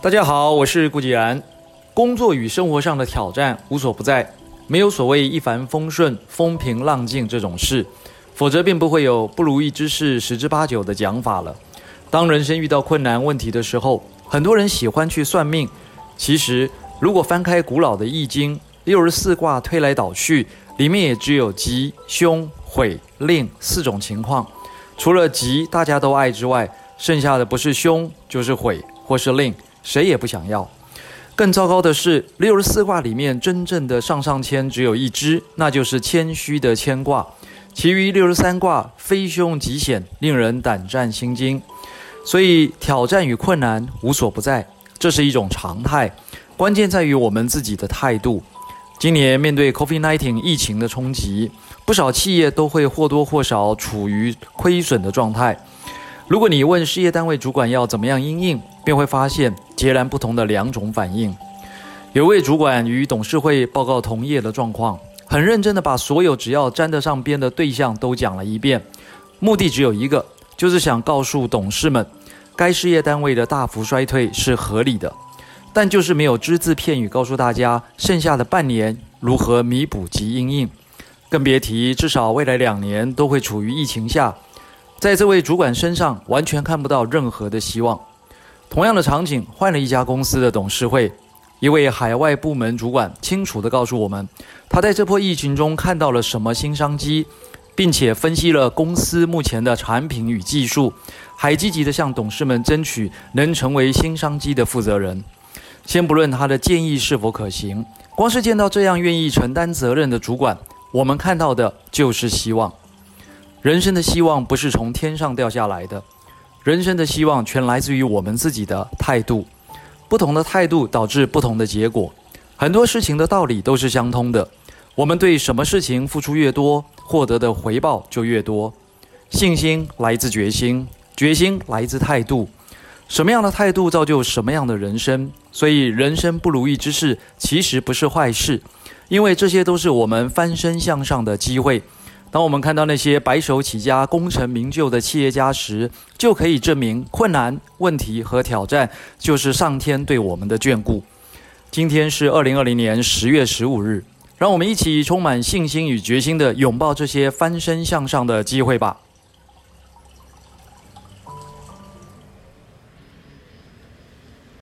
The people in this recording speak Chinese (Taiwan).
大家好，我是顧繼然。工作與生活上的挑戰無所不在，沒有所謂一帆風順、風平浪靜這種事，否則便不會有不如意之事十之八九的講法了。當人生遇到困難問題的時候，很多人喜歡去算命。其實，如果翻開古老的《易經》，六十四卦推來倒去，裡面也只有吉、兇、悔、吝四種情況。除了吉大家都愛之外，剩下的不是兇，就是悔，或是吝。誰也不想要。更糟糕的是，六十四卦裡面真正的上上籤只有一支，那就是謙虛的謙卦。其餘六十三卦非凶即險，令人膽戰心驚。所以挑戰與困難無所不在，這是一種常態。關鍵在於我們自己的態度。今年面對 COVID-19 疫情的衝擊，不少企業都會或多或少處於虧損的狀態。如果你問事業單位主管要怎麼樣因應，便會發現截然不同的兩種反應。有位主管與董事會報告同業的狀況，很認真地把所有只要沾得上邊的對象都講了一遍，目的只有一個，就是想告訴董事們，該事業單位的大幅衰退是合理的。但就是沒有只字片語告訴大家，剩下的半年如何彌補及因應。更別提至少未來兩年都會處於疫情下。在這位主管身上，完全看不到任何的希望。同樣的場景，換了一家公司的董事會，一位海外部門主管清楚地告訴我們，他在這波疫情中看到了什麼新商機，並且分析了公司目前的產品與技術，還積極地向董事們爭取能成為新商機的負責人。先不論他的建議是否可行，光是見到這樣願意承擔責任的主管，我們看到的就是希望。人生的希望不是從天上掉下來的，人生的希望全來自於我們自己的態度。不同的態度導致不同的結果。很多事情的道理都是相通的。我們對什麼事情付出越多，獲得的回報就越多。信心來自決心，決心來自態度。什麼樣的態度造就什麼樣的人生。所以，人生不如意之事其實不是壞事，因為這些都是我們翻身向上的機會。當我們看到那些白手起家、功成名就的企業家時，就可以證明，困難、問題和挑戰就是上天對我們的眷顧。今天是二零二零年十月十五日，讓我們一起充滿信心與決心的擁抱這些翻身向上的機會吧。